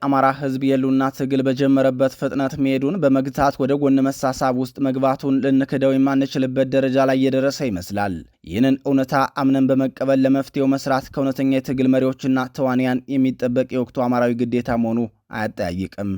የአማራ ህዝብ የሉና ትግል በጀመረበት ፍጥነት መሄዱን በመግታት ወደ ጎን መሳሳብ ውስጥ መግባቱን ልንክደው የማንችልበት ደረጃ ላይ የደረሰ ይመስላል። ይህንን እውነታ አምነን በመቀበል ለመፍትሄው መስራት ከእውነተኛ የትግል መሪዎችና ተዋንያን የሚጠበቅ የወቅቱ አማራዊ ግዴታ መሆኑ አያጠያይቅም።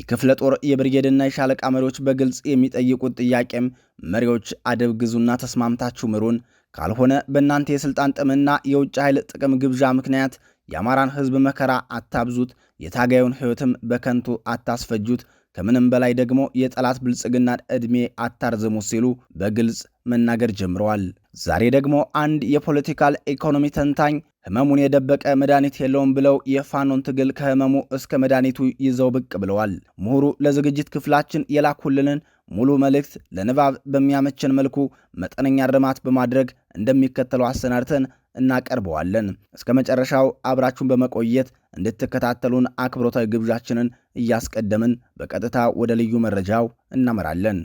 የክፍለ ጦር የብርጌድና የሻለቃ መሪዎች በግልጽ የሚጠይቁት ጥያቄም መሪዎች አደብ ግዙና ተስማምታችሁ ምሩን፣ ካልሆነ በእናንተ የሥልጣን ጥምና የውጭ ኃይል ጥቅም ግብዣ ምክንያት የአማራን ህዝብ መከራ አታብዙት፣ የታጋዩን ሕይወትም በከንቱ አታስፈጁት፣ ከምንም በላይ ደግሞ የጠላት ብልጽግና ዕድሜ አታርዝሙት ሲሉ በግልጽ መናገር ጀምረዋል። ዛሬ ደግሞ አንድ የፖለቲካል ኢኮኖሚ ተንታኝ ህመሙን የደበቀ መድኃኒት የለውም ብለው የፋኖን ትግል ከህመሙ እስከ መድኃኒቱ ይዘው ብቅ ብለዋል። ምሁሩ ለዝግጅት ክፍላችን የላኩልንን ሙሉ መልእክት ለንባብ በሚያመችን መልኩ መጠነኛ እርማት በማድረግ እንደሚከተለው አሰናድተን እናቀርበዋለን። እስከ መጨረሻው አብራችሁን በመቆየት እንድትከታተሉን አክብሮታዊ ግብዣችንን እያስቀደምን በቀጥታ ወደ ልዩ መረጃው እናመራለን።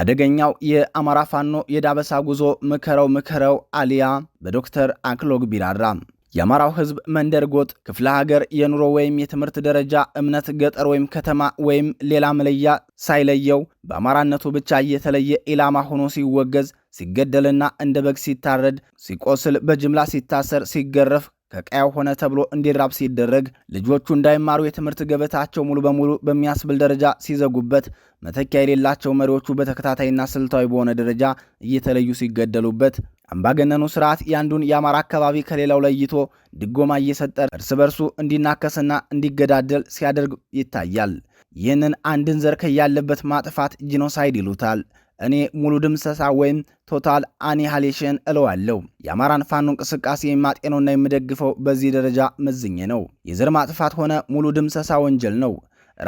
አደገኛው የአማራ ፋኖ የዳበሳ ጉዞ ምከረው ምከረው አሊያ በዶክተር አክሎግ ቢራራ የአማራው ህዝብ መንደር፣ ጎጥ፣ ክፍለ ሀገር፣ የኑሮ ወይም የትምህርት ደረጃ፣ እምነት፣ ገጠር ወይም ከተማ ወይም ሌላ መለያ ሳይለየው በአማራነቱ ብቻ እየተለየ ኢላማ ሆኖ ሲወገዝ፣ ሲገደልና እንደ በግ ሲታረድ፣ ሲቆስል፣ በጅምላ ሲታሰር፣ ሲገረፍ ከቀያው ሆነ ተብሎ እንዲራብ ሲደረግ ልጆቹ እንዳይማሩ የትምህርት ገበታቸው ሙሉ በሙሉ በሚያስብል ደረጃ ሲዘጉበት መተኪያ የሌላቸው መሪዎቹ በተከታታይና ስልታዊ በሆነ ደረጃ እየተለዩ ሲገደሉበት አምባገነኑ ስርዓት ያንዱን የአማራ አካባቢ ከሌላው ለይቶ ድጎማ እየሰጠ እርስ በርሱ እንዲናከስና እንዲገዳደል ሲያደርግ ይታያል። ይህንን አንድን ዘር ከያለበት ማጥፋት ጂኖሳይድ ይሉታል። እኔ ሙሉ ድምሰሳ ወይም ቶታል አኒሃሌሽን እለዋለሁ። የአማራን ፋኖ እንቅስቃሴ የማጤነውና የምደግፈው በዚህ ደረጃ መዝኜ ነው። የዘር ማጥፋት ሆነ ሙሉ ድምሰሳ ወንጀል ነው።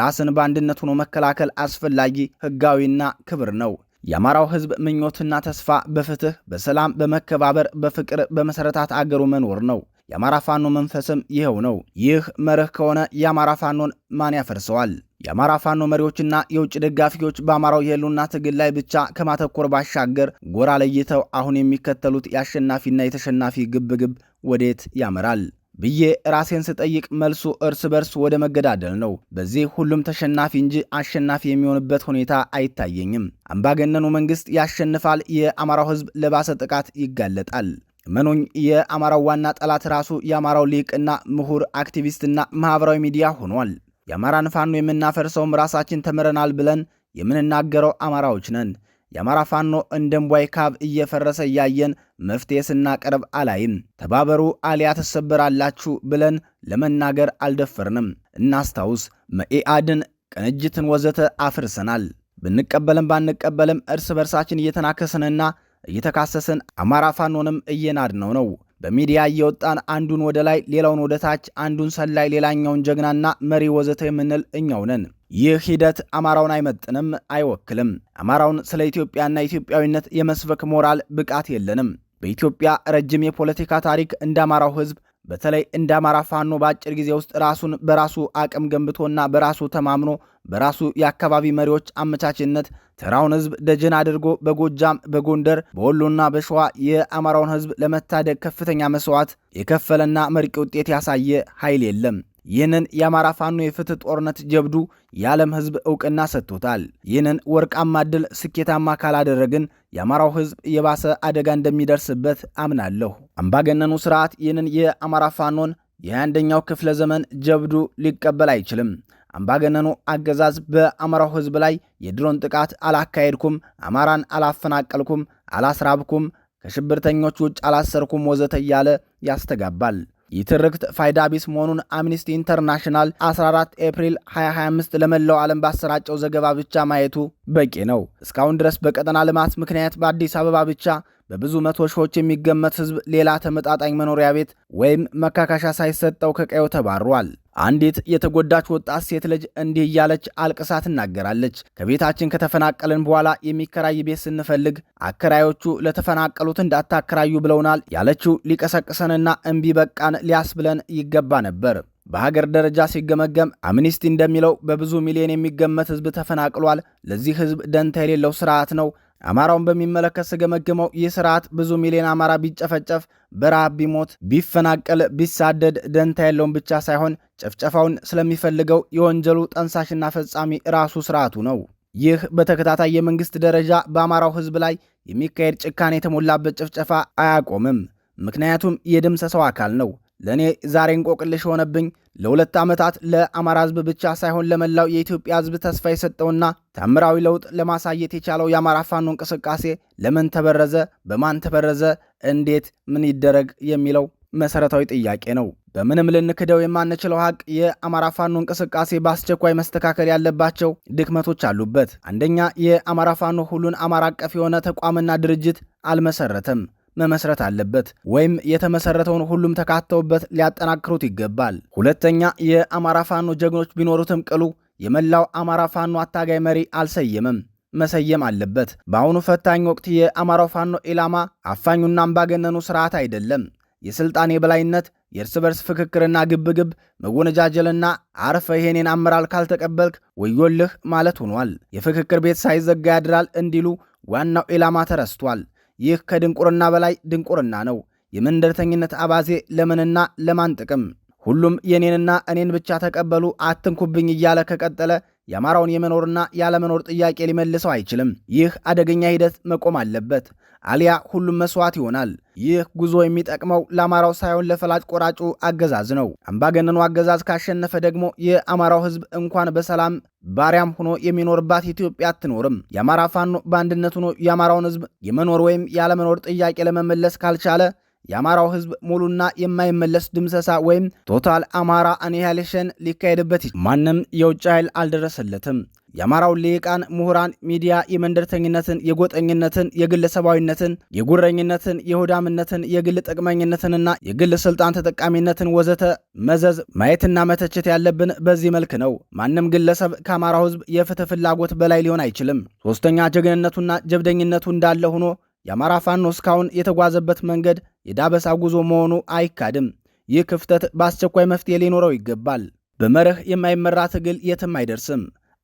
ራስን በአንድነት ሆኖ መከላከል አስፈላጊ ህጋዊና ክብር ነው። የአማራው ህዝብ ምኞትና ተስፋ በፍትህ፣ በሰላም፣ በመከባበር፣ በፍቅር በመሰረታት አገሩ መኖር ነው። የአማራ ፋኖ መንፈስም ይኸው ነው። ይህ መርህ ከሆነ የአማራ ፋኖን ማን ያፈርሰዋል? የአማራ ፋኖ መሪዎችና የውጭ ደጋፊዎች በአማራው የህልውና ትግል ላይ ብቻ ከማተኮር ባሻገር ጎራ ለይተው አሁን የሚከተሉት የአሸናፊና የተሸናፊ ግብግብ ወዴት ያመራል? ብዬ ራሴን ስጠይቅ መልሱ እርስ በርስ ወደ መገዳደል ነው። በዚህ ሁሉም ተሸናፊ እንጂ አሸናፊ የሚሆንበት ሁኔታ አይታየኝም። አምባገነኑ መንግስት ያሸንፋል፣ የአማራው ህዝብ ለባሰ ጥቃት ይጋለጣል። መኖኝ የአማራው ዋና ጠላት ራሱ የአማራው ሊቅና ምሁር አክቲቪስትና ማኅበራዊ ሚዲያ ሆኗል። የአማራን ፋኖ የምናፈርሰውም ራሳችን ተምረናል ብለን የምንናገረው አማራዎች ነን። የአማራ ፋኖ እንደ ካብ እየፈረሰ እያየን መፍትሄ ስናቀርብ አላይም። ተባበሩ አሊያ ትሰበራላችሁ ብለን ለመናገር አልደፈርንም። እናስታውስ፣ መኢአድን፣ ቅንጅትን ወዘተ አፍርሰናል። ብንቀበልም ባንቀበልም እርስ በርሳችን እየተናከስንና እየተካሰስን አማራ ፋኖንም እየናድነው ነው። በሚዲያ እየወጣን አንዱን ወደ ላይ፣ ሌላውን ወደ ታች፣ አንዱን ሰላይ፣ ሌላኛውን ጀግናና መሪ ወዘተ የምንል እኛው ነን። ይህ ሂደት አማራውን አይመጥንም፣ አይወክልም። አማራውን ስለ ኢትዮጵያና ኢትዮጵያዊነት የመስበክ ሞራል ብቃት የለንም። በኢትዮጵያ ረጅም የፖለቲካ ታሪክ እንደ አማራው ህዝብ በተለይ እንደ አማራ ፋኖ በአጭር ጊዜ ውስጥ ራሱን በራሱ አቅም ገንብቶና በራሱ ተማምኖ በራሱ የአካባቢ መሪዎች አመቻችነት ተራውን ህዝብ ደጀን አድርጎ በጎጃም፣ በጎንደር፣ በወሎና በሸዋ የአማራውን ህዝብ ለመታደግ ከፍተኛ መስዋዕት የከፈለና መርቂ ውጤት ያሳየ ኃይል የለም። ይህንን የአማራ ፋኖ የፍትህ ጦርነት ጀብዱ የዓለም ህዝብ እውቅና ሰጥቶታል። ይህንን ወርቃማ ድል ስኬታማ ካላደረግን የአማራው ህዝብ የባሰ አደጋ እንደሚደርስበት አምናለሁ። አምባገነኑ ስርዓት ይህንን የአማራ ፋኖን የአንደኛው ክፍለ ዘመን ጀብዱ ሊቀበል አይችልም። አምባገነኑ አገዛዝ በአማራው ህዝብ ላይ የድሮን ጥቃት አላካሄድኩም፣ አማራን አላፈናቀልኩም፣ አላስራብኩም፣ ከሽብርተኞች ውጭ አላሰርኩም ወዘተ እያለ ያስተጋባል። ይህ ትርክት ፋይዳ ቢስ መሆኑን አምኒስቲ ኢንተርናሽናል 14 ኤፕሪል 2025 ለመላው ዓለም ባሰራጨው ዘገባ ብቻ ማየቱ በቂ ነው። እስካሁን ድረስ በቀጠና ልማት ምክንያት በአዲስ አበባ ብቻ በብዙ መቶ ሺዎች የሚገመት ህዝብ ሌላ ተመጣጣኝ መኖሪያ ቤት ወይም መካካሻ ሳይሰጠው ከቀዩ ተባሯል። አንዲት የተጎዳች ወጣት ሴት ልጅ እንዲህ እያለች አልቅሳ ትናገራለች። ከቤታችን ከተፈናቀልን በኋላ የሚከራይ ቤት ስንፈልግ አከራዮቹ ለተፈናቀሉት እንዳታከራዩ ብለውናል ያለችው ሊቀሰቅሰንና እምቢ በቃን ሊያስብለን ይገባ ነበር። በሀገር ደረጃ ሲገመገም አምኒስቲ እንደሚለው በብዙ ሚሊዮን የሚገመት ህዝብ ተፈናቅሏል። ለዚህ ህዝብ ደንታ የሌለው ስርዓት ነው አማራውን በሚመለከት ስገመግመው ይህ ስርዓት ብዙ ሚሊዮን አማራ ቢጨፈጨፍ፣ በረሃብ ቢሞት፣ ቢፈናቀል፣ ቢሳደድ ደንታ የለውም ብቻ ሳይሆን ጨፍጨፋውን ስለሚፈልገው የወንጀሉ ጠንሳሽና ፈጻሚ ራሱ ስርዓቱ ነው። ይህ በተከታታይ የመንግስት ደረጃ በአማራው ህዝብ ላይ የሚካሄድ ጭካኔ የተሞላበት ጭፍጨፋ አያቆምም። ምክንያቱም ሰው አካል ነው። ለእኔ ዛሬ እንቆቅልሽ ሆነብኝ። ለሁለት ዓመታት ለአማራ ህዝብ ብቻ ሳይሆን ለመላው የኢትዮጵያ ህዝብ ተስፋ የሰጠውና ተምራዊ ለውጥ ለማሳየት የቻለው የአማራ ፋኖ እንቅስቃሴ ለምን ተበረዘ? በማን ተበረዘ? እንዴት? ምን ይደረግ? የሚለው መሰረታዊ ጥያቄ ነው። በምንም ልንክደው የማንችለው ሀቅ የአማራ ፋኖ እንቅስቃሴ በአስቸኳይ መስተካከል ያለባቸው ድክመቶች አሉበት። አንደኛ፣ የአማራ ፋኖ ሁሉን አማራ አቀፍ የሆነ ተቋምና ድርጅት አልመሰረተም። መመስረት አለበት ወይም የተመሰረተውን ሁሉም ተካተውበት ሊያጠናክሩት ይገባል። ሁለተኛ የአማራ ፋኖ ጀግኖች ቢኖሩትም ቅሉ የመላው አማራ ፋኖ አታጋይ መሪ አልሰየምም መሰየም አለበት። በአሁኑ ፈታኝ ወቅት የአማራው ፋኖ ኢላማ አፋኙና አምባገነኑ ስርዓት አይደለም። የስልጣን የበላይነት፣ የእርስ በርስ ፍክክርና ግብግብ፣ መወነጃጀልና አርፈ ይሄኔን አመራር ካልተቀበልክ ወዮልህ ማለት ሆኗል። የፍክክር ቤት ሳይዘጋ ያድራል እንዲሉ ዋናው ኢላማ ተረስቷል። ይህ ከድንቁርና በላይ ድንቁርና ነው። የመንደርተኝነት አባዜ ለምንና ለማን ጥቅም? ሁሉም የኔንና እኔን ብቻ ተቀበሉ አትንኩብኝ እያለ ከቀጠለ የአማራውን የመኖርና ያለመኖር ጥያቄ ሊመልሰው አይችልም። ይህ አደገኛ ሂደት መቆም አለበት፣ አሊያ ሁሉም መስዋዕት ይሆናል። ይህ ጉዞ የሚጠቅመው ለአማራው ሳይሆን ለፈላጭ ቆራጩ አገዛዝ ነው። አምባገነኑ አገዛዝ ካሸነፈ ደግሞ የአማራው ሕዝብ እንኳን በሰላም ባሪያም ሆኖ የሚኖርባት ኢትዮጵያ አትኖርም። የአማራ ፋኖ በአንድነት ሆኖ የአማራውን ሕዝብ የመኖር ወይም ያለመኖር ጥያቄ ለመመለስ ካልቻለ የአማራው ህዝብ ሙሉና የማይመለስ ድምሰሳ ወይም ቶታል አማራ አኒሃሌሽን ሊካሄድበት ማንም የውጭ ኃይል አልደረሰለትም። የአማራው ልሂቃን፣ ምሁራን፣ ሚዲያ የመንደርተኝነትን፣ የጎጠኝነትን፣ የግለሰባዊነትን፣ የጉረኝነትን፣ የሆዳምነትን፣ የግል ጥቅመኝነትንና የግል ስልጣን ተጠቃሚነትን ወዘተ መዘዝ ማየትና መተቸት ያለብን በዚህ መልክ ነው። ማንም ግለሰብ ከአማራው ህዝብ የፍትህ ፍላጎት በላይ ሊሆን አይችልም። ሶስተኛ ጀግንነቱና ጀብደኝነቱ እንዳለ ሆኖ የአማራ ፋኖ እስካሁን የተጓዘበት መንገድ የዳበሳ ጉዞ መሆኑ አይካድም። ይህ ክፍተት በአስቸኳይ መፍትሄ ሊኖረው ይገባል። በመርህ የማይመራ ትግል የትም አይደርስም።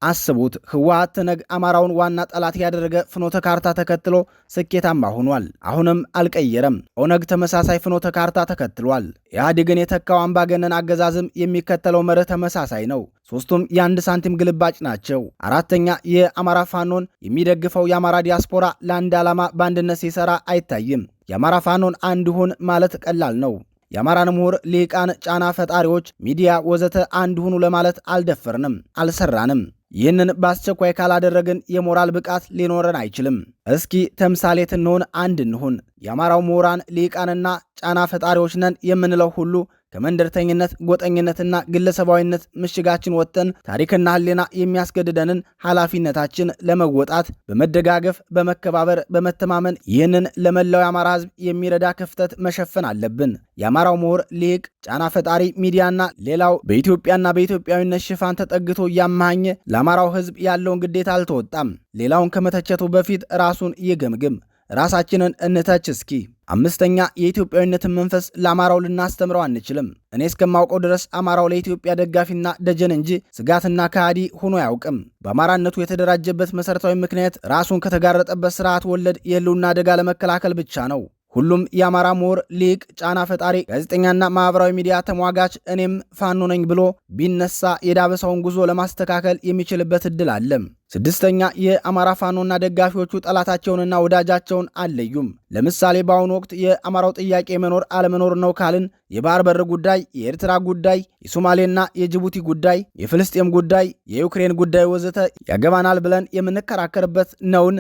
አስቡት ህወሓት ትነግ አማራውን ዋና ጠላት ያደረገ ፍኖተ ካርታ ተከትሎ ስኬታማ ሆኗል። አሁንም አልቀየረም። ኦነግ ተመሳሳይ ፍኖተ ካርታ ተከትሏል። ኢህአዴግን የተካው አምባገነን አገዛዝም የሚከተለው መርህ ተመሳሳይ ነው። ሶስቱም የአንድ ሳንቲም ግልባጭ ናቸው። አራተኛ የአማራ ፋኖን የሚደግፈው የአማራ ዲያስፖራ ለአንድ ዓላማ በአንድነት ሲሰራ አይታይም። የአማራ ፋኖን አንድ ሁን ማለት ቀላል ነው። የአማራን ምሁር ሊቃን ጫና ፈጣሪዎች፣ ሚዲያ ወዘተ አንድ ሁኑ ለማለት አልደፈርንም፣ አልሰራንም። ይህንን በአስቸኳይ ካላደረግን የሞራል ብቃት ሊኖረን አይችልም። እስኪ ተምሳሌት እንሆን፣ አንድ እንሁን። የአማራው ምሁራን ሊቃንና ጫና ፈጣሪዎች ነን የምንለው ሁሉ ከመንደርተኝነት ጎጠኝነትና ግለሰባዊነት ምሽጋችን ወጥተን ታሪክና ሕሊና የሚያስገድደንን ኃላፊነታችን ለመወጣት በመደጋገፍ በመከባበር፣ በመተማመን ይህንን ለመላው የአማራ ሕዝብ የሚረዳ ክፍተት መሸፈን አለብን። የአማራው ምሁር፣ ሊቅ፣ ጫና ፈጣሪ፣ ሚዲያና ሌላው በኢትዮጵያና በኢትዮጵያዊነት ሽፋን ተጠግቶ እያመሃኘ ለአማራው ሕዝብ ያለውን ግዴታ አልተወጣም። ሌላውን ከመተቸቱ በፊት ራሱን ይገምግም። ራሳችንን እንተች እስኪ። አምስተኛ የኢትዮጵያዊነትን መንፈስ ለአማራው ልናስተምረው አንችልም። እኔ እስከማውቀው ድረስ አማራው ለኢትዮጵያ ደጋፊና ደጀን እንጂ ስጋትና ከሃዲ ሆኖ አያውቅም። በአማራነቱ የተደራጀበት መሠረታዊ ምክንያት ራሱን ከተጋረጠበት ስርዓት ወለድ የህልውና አደጋ ለመከላከል ብቻ ነው። ሁሉም የአማራ ምሁር፣ ሊቅ፣ ጫና ፈጣሪ፣ ጋዜጠኛና ማህበራዊ ሚዲያ ተሟጋች እኔም ፋኖ ነኝ ብሎ ቢነሳ የዳበሳውን ጉዞ ለማስተካከል የሚችልበት እድል አለም። ስድስተኛ የአማራ ፋኖና ደጋፊዎቹ ጠላታቸውንና ወዳጃቸውን አለዩም። ለምሳሌ በአሁኑ ወቅት የአማራው ጥያቄ መኖር አለመኖር ነው ካልን የባህር በር ጉዳይ፣ የኤርትራ ጉዳይ፣ የሶማሌና የጅቡቲ ጉዳይ፣ የፍልስጤም ጉዳይ፣ የዩክሬን ጉዳይ ወዘተ ያገባናል ብለን የምንከራከርበት ነውን?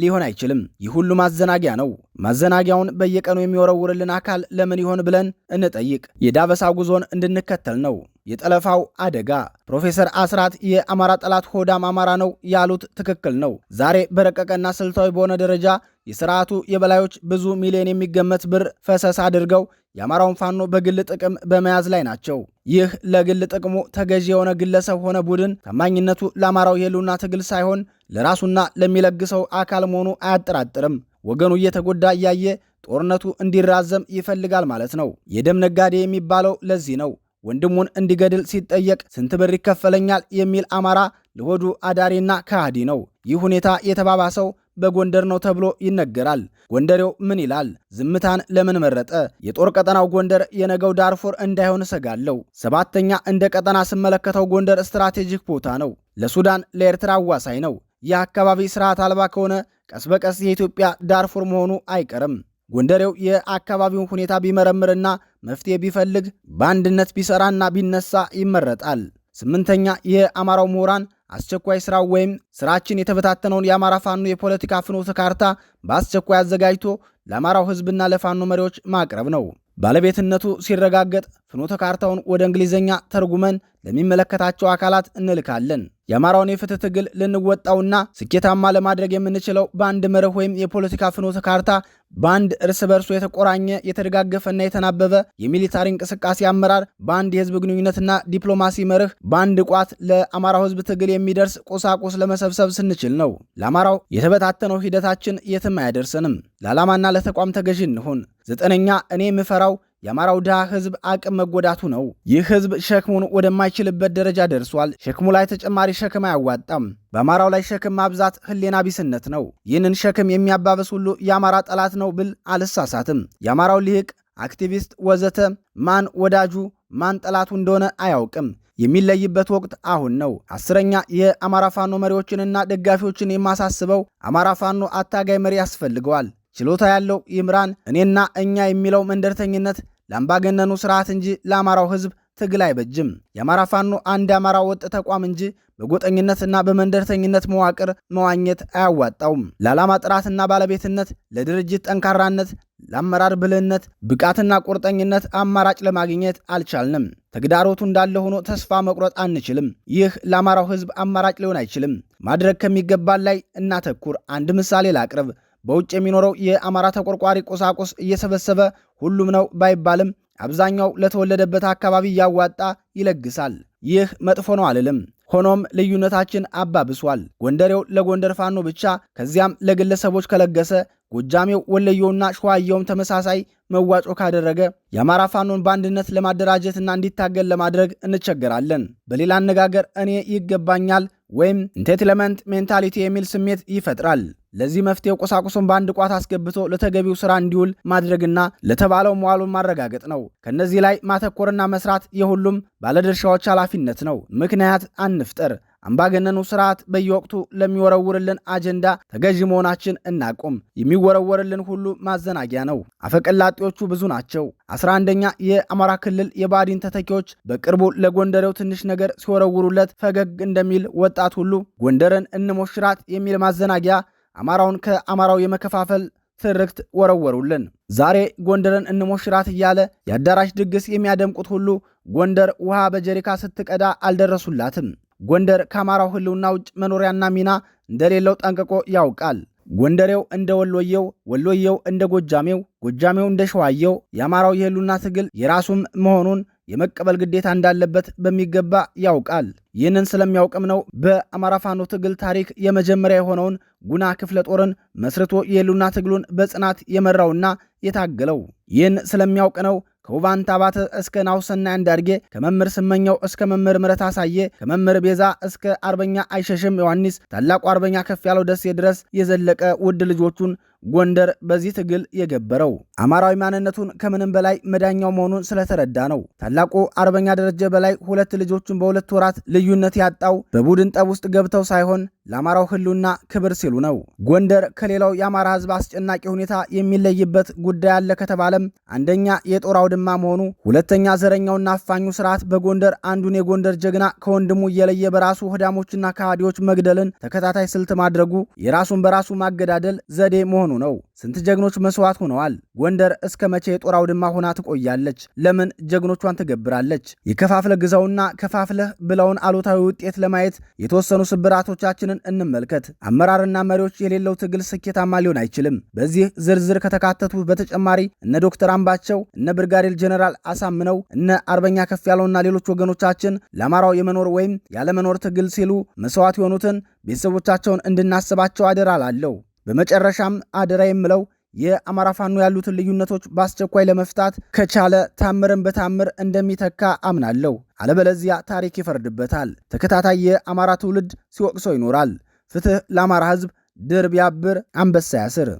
ሊሆን አይችልም። ይህ ሁሉ ማዘናጊያ ነው። ማዘናጊያውን በየቀኑ የሚወረውርልን አካል ለምን ይሆን ብለን እንጠይቅ። የዳበሳ ጉዞን እንድንከተል ነው የጠለፋው አደጋ። ፕሮፌሰር አስራት የአማራ ጠላት ሆዳም አማራ ነው ያሉት ትክክል ነው። ዛሬ በረቀቀና ስልታዊ በሆነ ደረጃ የስርዓቱ የበላዮች ብዙ ሚሊዮን የሚገመት ብር ፈሰስ አድርገው የአማራውን ፋኖ በግል ጥቅም በመያዝ ላይ ናቸው። ይህ ለግል ጥቅሙ ተገዢ የሆነ ግለሰብ ሆነ ቡድን ታማኝነቱ ለአማራው የህልውና ትግል ሳይሆን ለራሱና ለሚለግሰው አካል መሆኑ አያጠራጥርም። ወገኑ እየተጎዳ እያየ ጦርነቱ እንዲራዘም ይፈልጋል ማለት ነው። የደም ነጋዴ የሚባለው ለዚህ ነው። ወንድሙን እንዲገድል ሲጠየቅ ስንት ብር ይከፈለኛል የሚል አማራ ለሆዱ አዳሪና ከሃዲ ነው። ይህ ሁኔታ የተባባሰው በጎንደር ነው ተብሎ ይነገራል። ጎንደሬው ምን ይላል? ዝምታን ለምን መረጠ? የጦር ቀጠናው ጎንደር የነገው ዳርፎር እንዳይሆን እሰጋለሁ። ሰባተኛ እንደ ቀጠና ስመለከተው ጎንደር ስትራቴጂክ ቦታ ነው። ለሱዳን ለኤርትራ አዋሳኝ ነው። ይህ አካባቢ ስርዓት አልባ ከሆነ ቀስ በቀስ የኢትዮጵያ ዳርፎር መሆኑ አይቀርም። ጎንደሬው የአካባቢውን ሁኔታ ቢመረምርና መፍትሄ ቢፈልግ በአንድነት ቢሰራና ቢነሳ ይመረጣል። ስምንተኛ የአማራው ምሁራን አስቸኳይ ስራው ወይም ስራችን የተበታተነውን የአማራ ፋኖ የፖለቲካ ፍኖተ ካርታ በአስቸኳይ አዘጋጅቶ ለአማራው ህዝብና ለፋኖ መሪዎች ማቅረብ ነው። ባለቤትነቱ ሲረጋገጥ ፍኖተ ካርታውን ወደ እንግሊዝኛ ተርጉመን ለሚመለከታቸው አካላት እንልካለን። የአማራውን የፍትህ ትግል ልንወጣውና ስኬታማ ለማድረግ የምንችለው በአንድ መርህ ወይም የፖለቲካ ፍኖተ ካርታ፣ በአንድ እርስ በርሱ የተቆራኘ የተደጋገፈና የተናበበ የሚሊታሪ እንቅስቃሴ አመራር፣ በአንድ የህዝብ ግንኙነትና ዲፕሎማሲ መርህ፣ በአንድ ቋት ለአማራው ህዝብ ትግል የሚደርስ ቁሳቁስ ለመሰብሰብ ስንችል ነው። ለአማራው የተበታተነው ሂደታችን የትም አያደርስንም። ለዓላማና ለተቋም ተገዥ እንሆን። ዘጠነኛ እኔ የምፈራው የአማራው ድሃ ህዝብ አቅም መጎዳቱ ነው። ይህ ህዝብ ሸክሙን ወደማይችልበት ደረጃ ደርሷል። ሸክሙ ላይ ተጨማሪ ሸክም አያዋጣም። በአማራው ላይ ሸክም ማብዛት ህሌና ቢስነት ነው። ይህንን ሸክም የሚያባበስ ሁሉ የአማራ ጠላት ነው ብል አልሳሳትም። የአማራው ልሂቅ፣ አክቲቪስት፣ ወዘተ ማን ወዳጁ ማን ጠላቱ እንደሆነ አያውቅም። የሚለይበት ወቅት አሁን ነው። አስረኛ የአማራ ፋኖ መሪዎችንና ደጋፊዎችን የማሳስበው አማራ ፋኖ አታጋይ መሪ ያስፈልገዋል። ችሎታ ያለው ይምራን። እኔና እኛ የሚለው መንደርተኝነት ለአምባገነኑ ስርዓት እንጂ ለአማራው ህዝብ ትግል አይበጅም። የአማራ ፋኖ አንድ አማራ ወጥ ተቋም እንጂ በጎጠኝነትና በመንደርተኝነት መዋቅር መዋኘት አያዋጣውም። ለዓላማ ጥራትና ባለቤትነት፣ ለድርጅት ጠንካራነት፣ ለአመራር ብልህነት፣ ብቃትና ቁርጠኝነት አማራጭ ለማግኘት አልቻልንም። ተግዳሮቱ እንዳለ ሆኖ ተስፋ መቁረጥ አንችልም። ይህ ለአማራው ህዝብ አማራጭ ሊሆን አይችልም። ማድረግ ከሚገባን ላይ እናተኩር። አንድ ምሳሌ ላቅርብ። በውጭ የሚኖረው የአማራ ተቆርቋሪ ቁሳቁስ እየሰበሰበ ሁሉም ነው ባይባልም አብዛኛው ለተወለደበት አካባቢ እያዋጣ ይለግሳል። ይህ መጥፎ ነው አልልም። ሆኖም ልዩነታችን አባብሷል። ጎንደሬው ለጎንደር ፋኖ ብቻ ከዚያም ለግለሰቦች ከለገሰ ጎጃሜው ወለየውና ሸዋየውም ተመሳሳይ መዋጮ ካደረገ የአማራ ፋኖን በአንድነት ለማደራጀትና እንዲታገል ለማድረግ እንቸገራለን። በሌላ አነጋገር እኔ ይገባኛል ወይም ኢንቴትለመንት ሜንታሊቲ የሚል ስሜት ይፈጥራል። ለዚህ መፍትሄ ቁሳቁሱን በአንድ ቋት አስገብቶ ለተገቢው ስራ እንዲውል ማድረግና ለተባለው መዋሉን ማረጋገጥ ነው። ከነዚህ ላይ ማተኮርና መስራት የሁሉም ባለድርሻዎች ኃላፊነት ነው። ምክንያት አንፍጠር። አምባገነኑ ስርዓት በየወቅቱ ለሚወረውርልን አጀንዳ ተገዥ መሆናችን እናቁም። የሚወረወርልን ሁሉ ማዘናጊያ ነው። አፈቀላጤዎቹ ብዙ ናቸው። አስራ አንደኛ የአማራ ክልል የባዲን ተተኪዎች በቅርቡ ለጎንደሬው ትንሽ ነገር ሲወረውሩለት ፈገግ እንደሚል ወጣት ሁሉ ጎንደርን እንሞሽራት የሚል ማዘናጊያ አማራውን ከአማራው የመከፋፈል ትርክት ወረወሩልን። ዛሬ ጎንደርን እንሞሽራት እያለ የአዳራሽ ድግስ የሚያደምቁት ሁሉ ጎንደር ውሃ በጀሪካ ስትቀዳ አልደረሱላትም። ጎንደር ከአማራው ሕልውና ውጭ መኖሪያና ሚና እንደሌለው ጠንቅቆ ያውቃል። ጎንደሬው እንደ ወሎየው፣ ወሎየው እንደ ጎጃሜው፣ ጎጃሜው እንደ ሸዋየው የአማራው የህሉና ትግል የራሱም መሆኑን የመቀበል ግዴታ እንዳለበት በሚገባ ያውቃል። ይህንን ስለሚያውቅም ነው በአማራ ፋኖ ትግል ታሪክ የመጀመሪያ የሆነውን ጉና ክፍለ ጦርን መስርቶ የህሉና ትግሉን በጽናት የመራውና የታገለው። ይህን ስለሚያውቅ ነው ከውባንታ አባተ እስከ ናውሰና እንዳርጌ ከመምህር ስመኛው እስከ መምህር ምረት አሳየ፣ ከመምህር ቤዛ እስከ አርበኛ አይሸሽም ዮሐንስ፣ ታላቁ አርበኛ ከፍ ያለው ደሴ ድረስ የዘለቀ ውድ ልጆቹን ጎንደር በዚህ ትግል የገበረው አማራዊ ማንነቱን ከምንም በላይ መዳኛው መሆኑን ስለተረዳ ነው። ታላቁ አርበኛ ደረጀ በላይ ሁለት ልጆቹን በሁለት ወራት ልዩነት ያጣው በቡድን ጠብ ውስጥ ገብተው ሳይሆን ለአማራው ሕልውና ክብር ሲሉ ነው። ጎንደር ከሌላው የአማራ ሕዝብ አስጨናቂ ሁኔታ የሚለይበት ጉዳይ አለ ከተባለም አንደኛ የጦር አውድማ መሆኑ፣ ሁለተኛ ዘረኛውና አፋኙ ስርዓት በጎንደር አንዱን የጎንደር ጀግና ከወንድሙ እየለየ በራሱ ሆዳሞችና ከሃዲዎች መግደልን ተከታታይ ስልት ማድረጉ፣ የራሱን በራሱ ማገዳደል ዘዴ መሆኑ መሆኑ ነው። ስንት ጀግኖች መስዋዕት ሆነዋል። ጎንደር እስከ መቼ የጦር አውድማ ሆና ትቆያለች? ለምን ጀግኖቿን ትገብራለች? የከፋፍለ ግዛውና ከፋፍለህ ብለውን አሉታዊ ውጤት ለማየት የተወሰኑ ስብራቶቻችንን እንመልከት። አመራርና መሪዎች የሌለው ትግል ስኬታማ ሊሆን አይችልም። በዚህ ዝርዝር ከተካተቱ በተጨማሪ እነ ዶክተር አምባቸው፣ እነ ብርጋዴር ጀኔራል አሳምነው፣ እነ አርበኛ ከፍ ያለውና ሌሎች ወገኖቻችን ለአማራው የመኖር ወይም ያለመኖር ትግል ሲሉ መስዋዕት የሆኑትን ቤተሰቦቻቸውን እንድናስባቸው አደራ አላለው። በመጨረሻም አደራ የምለው የአማራ ፋኖ ያሉትን ልዩነቶች በአስቸኳይ ለመፍታት ከቻለ ታምርን በታምር እንደሚተካ አምናለሁ። አለበለዚያ ታሪክ ይፈርድበታል። ተከታታይ የአማራ ትውልድ ሲወቅሶ ይኖራል። ፍትህ ለአማራ ህዝብ ድር ቢያብር አንበሳ ያስር።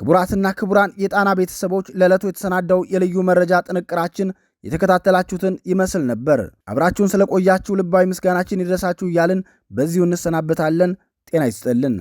ክቡራትና ክቡራን የጣና ቤተሰቦች ለዕለቱ የተሰናዳው የልዩ መረጃ ጥንቅራችን የተከታተላችሁትን ይመስል ነበር። አብራችሁን ስለቆያችሁ ልባዊ ምስጋናችን ይድረሳችሁ እያልን በዚሁ እንሰናበታለን። ጤና ይስጥልን።